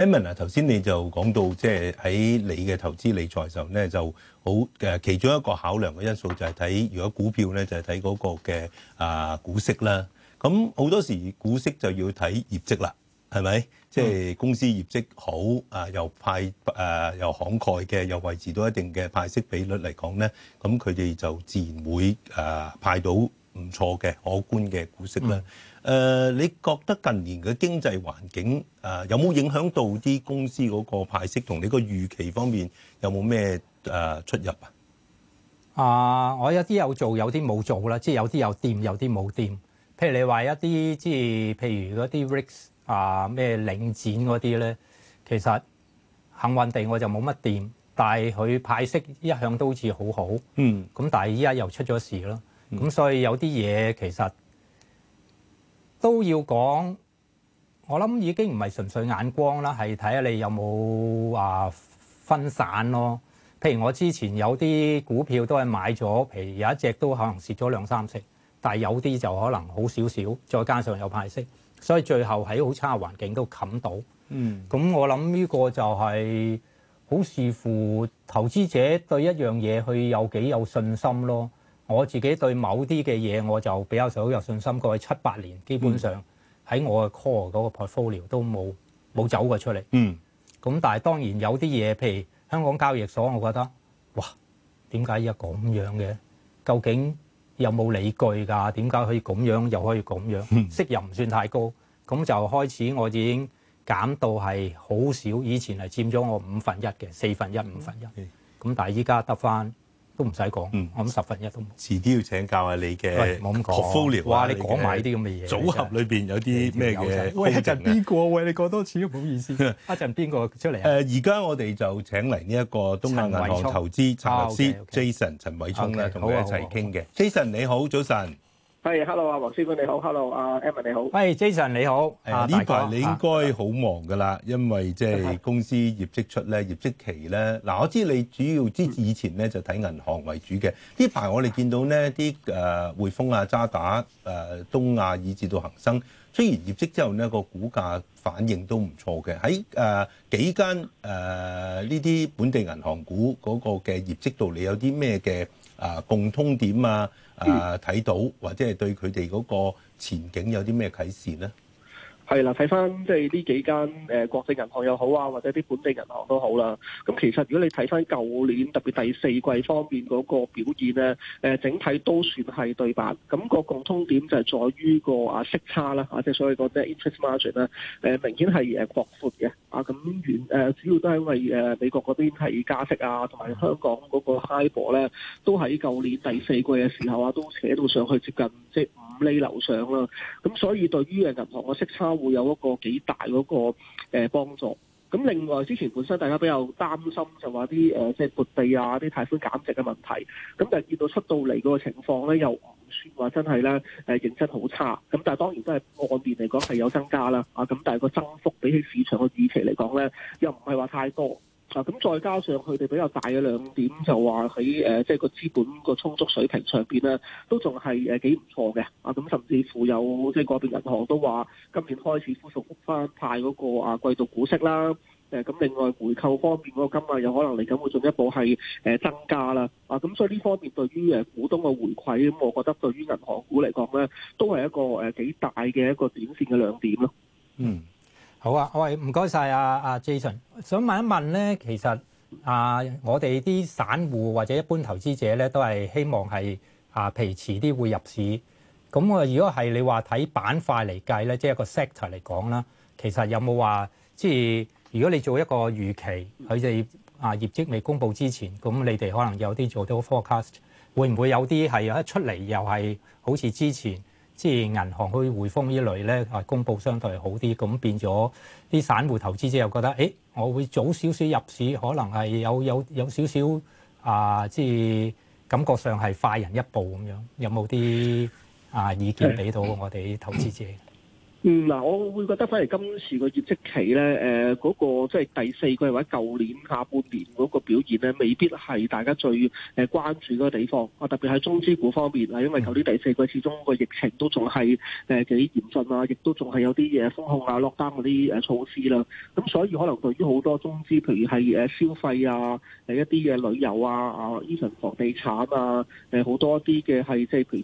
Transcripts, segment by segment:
Emman 啊，頭先你就講到即係喺你嘅投資理財時候咧，就好誒其中一個考量嘅因素就係睇如果股票咧就係睇嗰個嘅啊股息啦。咁好多時股息就要睇業績啦，係咪？即係公司業績好啊，又派誒又慷慨嘅，又維持到一定嘅派息比率嚟講咧，咁佢哋就自然會誒派到。唔錯嘅可觀嘅股息啦。誒、嗯，uh, 你覺得近年嘅經濟環境誒、嗯啊、有冇影響到啲公司嗰個派息同你個預期方面有冇咩誒出入啊？啊，我有啲有做，有啲冇做啦。即係有啲有掂，有啲冇掂。譬如你話一啲，即係譬如嗰啲 REITs 啊，咩領展嗰啲咧，其實幸運地我就冇乜掂，但係佢派息一向都好似好好。嗯，咁但係依家又出咗事咯。咁、嗯、所以有啲嘢其實都要講。我諗已經唔係純粹眼光啦，係睇下你有冇話，啊、分散咯。譬如我之前有啲股票都係買咗，譬如有一隻都可能蝕咗兩三成，但係有啲就可能好少少，再加上有派息，所以最後喺好差嘅環境都冚到。嗯，咁我諗呢個就係好視乎投資者對一樣嘢去有幾有信心咯。我自己對某啲嘅嘢我就比較少有信心，過去七八年基本上喺我嘅 core 嗰個 portfolio 都冇冇走過出嚟。嗯。咁但係當然有啲嘢，譬如香港交易所，我覺得，哇，點解依家咁樣嘅？究竟有冇理據㗎？點解可以咁樣又可以咁樣？嗯、息又唔算太高，咁就開始我已經減到係好少，以前係佔咗我五分一嘅，四分一、五分一。咁、嗯、但係依家得翻。都唔使講，我諗十分一都冇。遲啲要請教下你嘅 portfolio。哇，你講埋啲咁嘅嘢。組合裏邊有啲咩嘅？喂，一陣邊個？喂，你講多次都唔好意思。一陣邊個出嚟？誒，而家我哋就請嚟呢一個東亞銀行投資策略師 Jason 陳偉聰咧，同我哋一齊傾嘅。Jason 你好，早晨。係，Hello 啊，黃師傅你好，Hello 啊 Emily 你好，係 Jason 你好，啊呢排你應該好忙噶啦，啊、因為即係公司業績出咧，的業績期咧，嗱我知你主要之以前咧就睇銀行為主嘅，呢排我哋見到呢啲誒匯豐啊、渣打誒東亞，以至到恒生，雖然業績之後呢個股價反應都唔錯嘅，喺誒幾間誒呢啲本地銀行股嗰個嘅業績度，你有啲咩嘅？啊，共通點啊，啊睇到或者係對佢哋嗰個前景有啲咩啟示咧？係啦，睇翻即係呢幾間國際銀行又好啊，或者啲本地銀行都好啦。咁其實如果你睇翻舊年特別第四季方面嗰個表現咧，整體都算係對板。咁個共通點就係在於個啊息差啦，即係所謂個咩 interest margin 呢，明顯係誒擴闊嘅。啊，咁原誒主要都係因為美國嗰邊係加息啊，同埋香港嗰個 HIBOR 咧都喺舊年第四季嘅時候啊，都扯到上去接近五。即利流上啦，咁所以對於誒銀行嘅息差會有一個幾大嗰個誒幫助。咁另外之前本身大家比較擔心就話啲誒即係撥備啊、啲貸款減值嘅問題，咁但係見到出到嚟嗰個情況咧，又唔算話真係咧誒認真好差。咁但係當然都係按年嚟講係有增加啦。啊，咁但係個增幅比起市場嘅預期嚟講咧，又唔係話太多。啊，咁再加上佢哋比較大嘅亮點，就話喺即係個資本個充足水平上邊咧，都仲係誒幾唔錯嘅。啊，咁甚至乎有即係個別銀行都話，今年開始恢復翻派嗰個啊季度股息啦。誒，咁另外回購方面嗰個金額有可能嚟緊會進一步係誒增加啦。啊，咁所以呢方面對於誒股東嘅回饋，咁我覺得對於銀行股嚟講咧，都係一個誒幾大嘅一個短線嘅亮點咯。嗯。好啊，我係唔該晒啊 Jason，想問一問咧，其實啊，我哋啲散戶或者一般投資者咧，都係希望係啊，譬如遲啲會入市。咁我如果係你話睇板塊嚟計咧，即係一個 sector 嚟講啦，其實有冇話即係如果你做一個預期，佢哋啊業績未公布之前，咁你哋可能有啲做到 forecast，會唔會有啲係一出嚟又係好似之前？即係銀行去匯豐呢類咧，啊公佈相對好啲，咁變咗啲散戶投資者又覺得，誒，我會早少少入市，可能係有有有少少啊，即、呃、係感覺上係快人一步咁樣，有冇啲啊意見俾到我哋投資者？嗯，嗱，我會覺得反而今次個業績期咧，誒、呃、嗰、那個即係第四季或者舊年下半年嗰個表現咧，未必係大家最誒關注嗰個地方。啊，特別係中資股方面啊，因為舊年第四季始終個疫情都仲係誒幾嚴峻也還啊，亦都仲係有啲嘢封控啊、落單嗰啲誒措施啦。咁所以可能對於好多中資，譬如係誒消費啊，誒一啲嘅旅遊啊、啊依層房地產啊，誒好多一啲嘅係即係譬如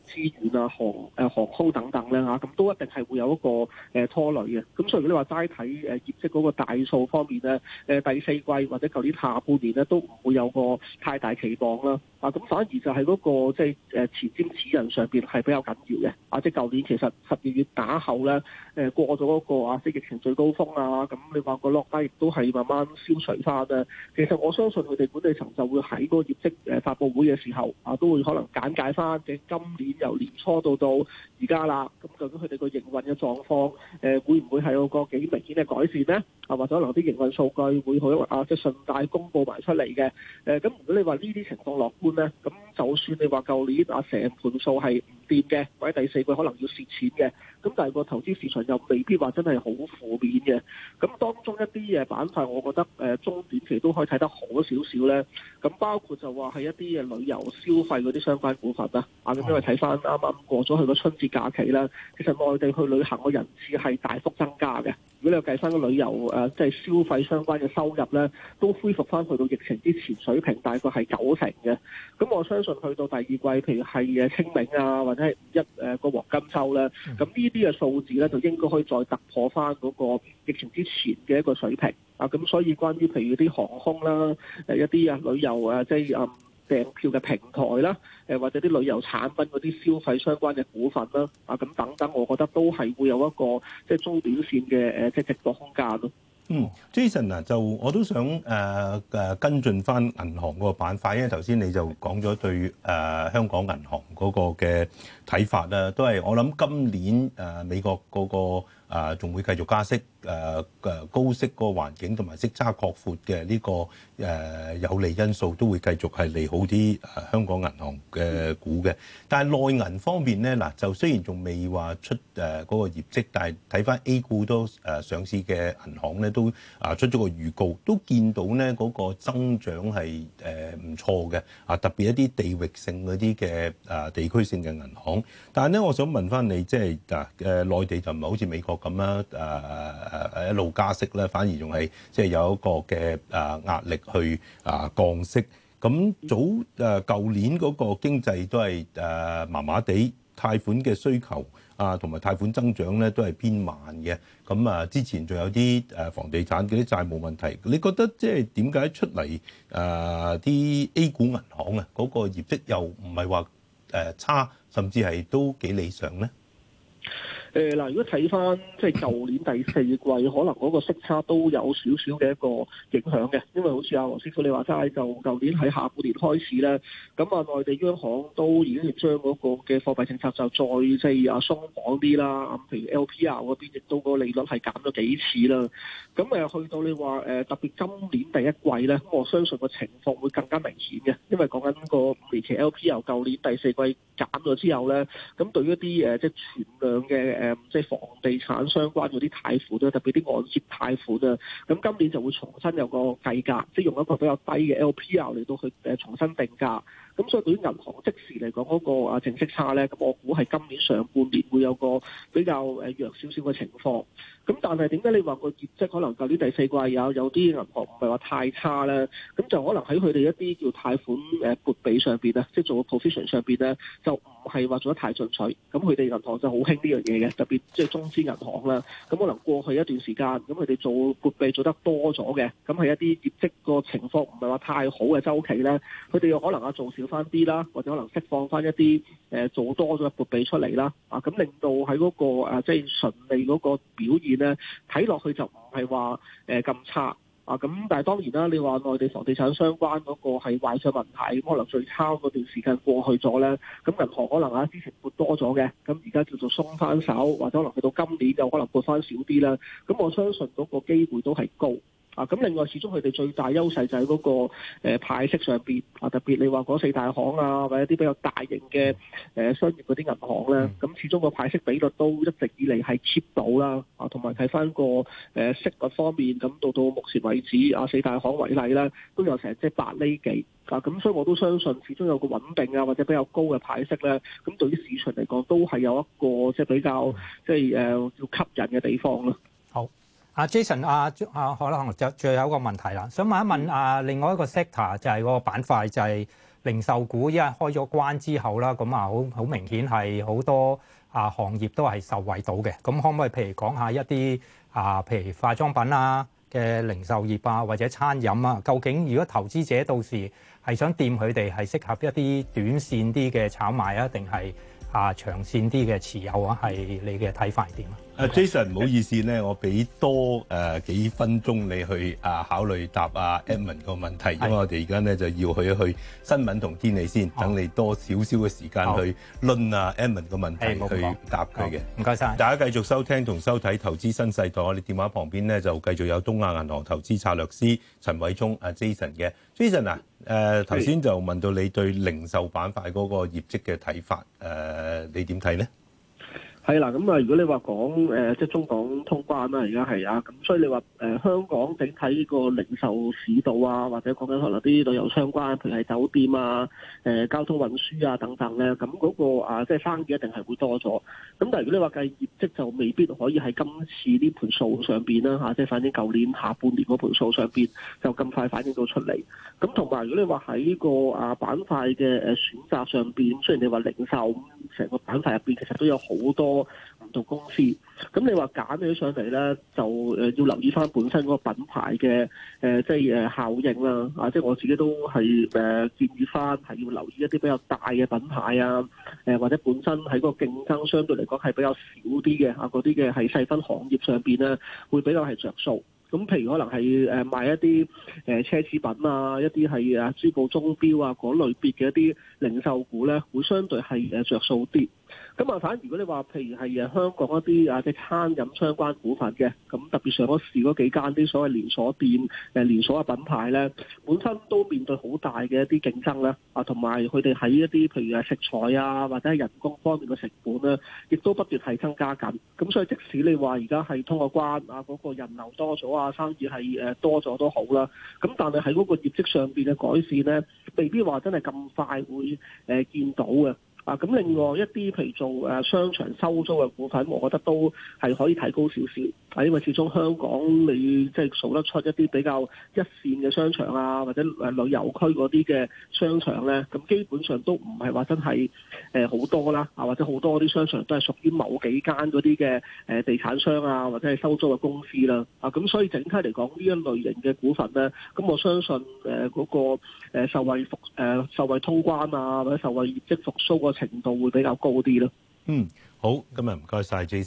資源啊、航誒航空等等咧嚇，咁都一定係會有一個。誒拖累嘅，咁所以你話齋睇誒業績嗰個大數方面咧，誒第四季或者舊年下半年咧都唔會有個太大期望啦、那個就是。啊，咁反而就係嗰個即係誒前瞻指引上面係比較緊要嘅。啊，即係舊年其實十二月打後咧，誒過咗嗰、那個啊、就是、疫情最高峰啊，咁你話個落低亦都係慢慢消除翻啦。其實我相信佢哋管理層就會喺嗰個業績誒發佈會嘅時候啊，都會可能簡介翻嘅今年由年初到到而家啦。咁究竟佢哋個營運嘅狀況？.我誒會唔會係有個幾明顯嘅改善咧？啊，或者留啲營運數據會好啊，即係順帶公布埋出嚟嘅。誒，咁如果你話呢啲情況樂觀咧，咁就算你話舊年啊，成盤數係，跌嘅，或者第四季可能要蝕錢嘅，咁但係個投資市場又未必話真係好負面嘅，咁當中一啲嘢板塊，我覺得誒中短期都可以睇得好少少咧，咁包括就話係一啲嘅旅遊消費嗰啲相關股份啊，啊咁因為睇翻啱啱過咗去個春節假期啦，其實內地去旅行嘅人次係大幅增加嘅。如果你計翻個旅遊誒，即係消費相關嘅收入咧，都恢復翻去到疫情之前水平，大概係九成嘅。咁我相信去到第二季，譬如係誒清明啊，或者係五一個黃金週咧，咁呢啲嘅數字咧，就應該可以再突破翻嗰個疫情之前嘅一個水平啊。咁所以關於譬如啲航空啦，誒一啲啊旅遊啊，即係啊。嗯訂票嘅平台啦，誒或者啲旅遊產品嗰啲消費相關嘅股份啦，啊咁等等，我覺得都係會有一個即係中短線嘅誒即係嘅空間咯。嗯，Jason 嗱，就我都想誒誒、呃、跟進翻銀行嗰個板塊，因為頭先你就講咗對誒、呃、香港銀行嗰個嘅睇法啦，都係我諗今年誒、呃、美國嗰、那個。啊，仲會繼續加息，誒、啊、誒高息嗰個環境同埋息差擴闊嘅呢、這個誒、啊、有利因素都會繼續係利好啲、啊、香港銀行嘅股嘅。但係內銀方面咧，嗱、啊、就雖然仲未話出誒嗰、啊那個業績，但係睇翻 A 股都誒上市嘅銀行咧都啊出咗個預告，都見到咧嗰、那個增長係誒唔錯嘅。啊，特別一啲地域性嗰啲嘅啊地區性嘅銀行。但係咧，我想問翻你，即係嗱誒內地就唔係好似美國。咁樣誒誒誒一路加息咧，反而仲係即係有一個嘅誒壓力去啊降息。咁早誒舊年嗰個經濟都係誒麻麻地，貸款嘅需求啊同埋貸款增長咧都係偏慢嘅。咁啊之前仲有啲誒房地產嗰啲債務問題，你覺得即係點解出嚟誒啲 A 股銀行啊嗰個業績又唔係話誒差，甚至係都幾理想咧？誒嗱、呃，如果睇翻即係舊年第四季，可能嗰個息差都有少少嘅一個影響嘅，因為好似阿黃師傅你話齋，就舊年喺下半年開始咧，咁啊內地央行都已經將嗰個嘅貨幣政策就再即係啊鬆綁啲啦，咁譬如 LPR 嗰邊，亦都個利率係減咗幾次啦，咁誒、啊、去到你話、呃、特別今年第一季咧，咁我相信個情況會更加明顯嘅，因為講緊個期期 LPR 舊年第四季減咗之後咧，咁對於一啲即係存量嘅。即係房地產相關嗰啲貸款啊，特別啲按揭貸款啊，咁今年就會重新有個計價，即係用一個比較低嘅 LPR 嚟到去重新定價。咁所以對於銀行即時嚟講嗰個啊淨息差咧，咁我估係今年上半年會有個比較誒弱少少嘅情況。咁但係點解你話個業績可能舊年第四季有有啲銀行唔係話太差咧？咁就可能喺佢哋一啲叫貸款誒撥備上面呢，即係做 provision 上面咧，就唔係話做得太進取。咁佢哋銀行就好興呢樣嘢嘅。特別即係中資銀行啦，咁可能過去一段時間，咁佢哋做撥備做得多咗嘅，咁係一啲業績個情況唔係話太好嘅周期咧，佢哋又可能啊做少翻啲啦，或者可能釋放翻一啲誒做多咗嘅撥備出嚟啦，啊咁令到喺嗰個誒即係純利嗰個表現咧，睇落去就唔係話誒咁差。啊，咁但係當然啦，你話內地房地產相關嗰個係壞賬問題，可能最差嗰段時間過去咗咧，咁銀行可能啊之前撥多咗嘅，咁而家叫做鬆返手，或者可能去到今年就可能撥返少啲啦，咁我相信嗰個機會都係高。啊，咁另外，始終佢哋最大優勢就係嗰、嗰個、呃、派息上面。啊，特別你話嗰四大行啊，或者一啲比較大型嘅、呃、商業嗰啲銀行咧，咁、嗯、始終個派息比率都一直以嚟係 keep 到啦，啊，同埋睇翻個誒息率方面，咁到到目前為止啊，四大行為例咧，都有成即係八厘幾啊，咁所以我都相信始終有個穩定啊，或者比較高嘅派息咧，咁對於市場嚟講都係有一個即係比較即係要吸引嘅地方咯。阿 Jason，阿阿好啦就最後一個問題啦，想問一問啊，另外一個 sector 就係個板塊就係零售股，因為開咗關之後啦，咁啊好好明顯係好多啊行業都係受惠到嘅。咁可唔可以譬如講下一啲啊，譬如化妝品啊嘅零售業啊，或者餐飲啊，究竟如果投資者到時係想掂佢哋，係適合一啲短線啲嘅炒賣啊，定係啊長線啲嘅持有啊？係你嘅睇法係點啊？阿 Jason 唔 Okay. 好意思咧，Okay. 我俾多誒、呃、幾分鐘你去啊考慮答啊 Edwin 個問題，mm. 因為我哋而家咧就要去去新聞同天氣先，oh. 等你多少少嘅時間去論啊 Edwin 個問題去答佢嘅。唔該晒，大家繼續收聽同收睇投資新世代。我哋電話旁邊咧就繼續有東亞銀行投資策略師陳偉聰阿、啊、Jason 嘅。Jason 啊，誒頭先就問到你對零售板塊嗰個業績嘅睇法，誒、呃、你點睇咧？係啦，咁啊，如果你話講、呃、即係中港通關啦，而家係啊，咁所以你話誒、呃、香港整體呢個零售市道啊，或者講緊可能啲旅遊相關，譬如係酒店啊、呃、交通運輸啊等等咧，咁嗰、嗰個啊，即係生意一定係會多咗。咁但如果你話計業績就未必可以喺今次呢盤數上面啦、啊、即係反正舊年下半年嗰盤數上面就咁快反映到出嚟。咁同埋如果你話喺呢個啊板塊嘅誒選擇上面，雖然你話零售成個板塊入面其實都有好多。唔同公司，咁你話揀起上嚟咧，就誒要留意翻本身個品牌嘅誒，即係誒效應啦。啊，即係我自己都係誒建議翻，係要留意一啲比較大嘅品牌啊，誒或者本身喺個競爭相對嚟講係比較少啲嘅，吓，嗰啲嘅係細分行業上邊咧，會比較係着數。咁譬如可能係誒賣一啲誒奢侈品啊，一啲係珠寶鐘表啊嗰類別嘅一啲零售股咧，會相對係誒着數啲。咁啊，反而，如果你話譬如即係香港一啲啊，即係餐飲相關股份嘅，咁特別上咗市嗰幾間啲所謂連鎖店、誒連鎖嘅品牌咧，本身都面對好大嘅一啲競爭啦啊，同埋佢哋喺一啲譬如係食材啊或者係人工方面嘅成本咧，亦都不斷係增加緊。咁所以即使你話而家係通過關啊，嗰個人流多咗啊，生意係誒多咗都好啦。咁但係喺嗰個業績上邊嘅改善咧，未必話真係咁快會誒見到嘅。啊，咁另外一啲，譬如做商場收租嘅股份，我覺得都係可以提高少少，因為始終香港你即係數得出一啲比較一綫嘅商場啊，或者旅遊區嗰啲嘅商場咧，咁基本上都唔係話真係誒好多啦，啊或者好多啲商場都係屬於某幾間嗰啲嘅誒地產商啊，或者係收租嘅公司啦，啊咁、啊、所以整體嚟講呢一類型嘅股份咧，咁我相信誒嗰個誒受惠復、誒受惠通關啊，或者受惠業績復蘇個。程度會比較高啲咯。嗯，好，今日唔該晒 Jason。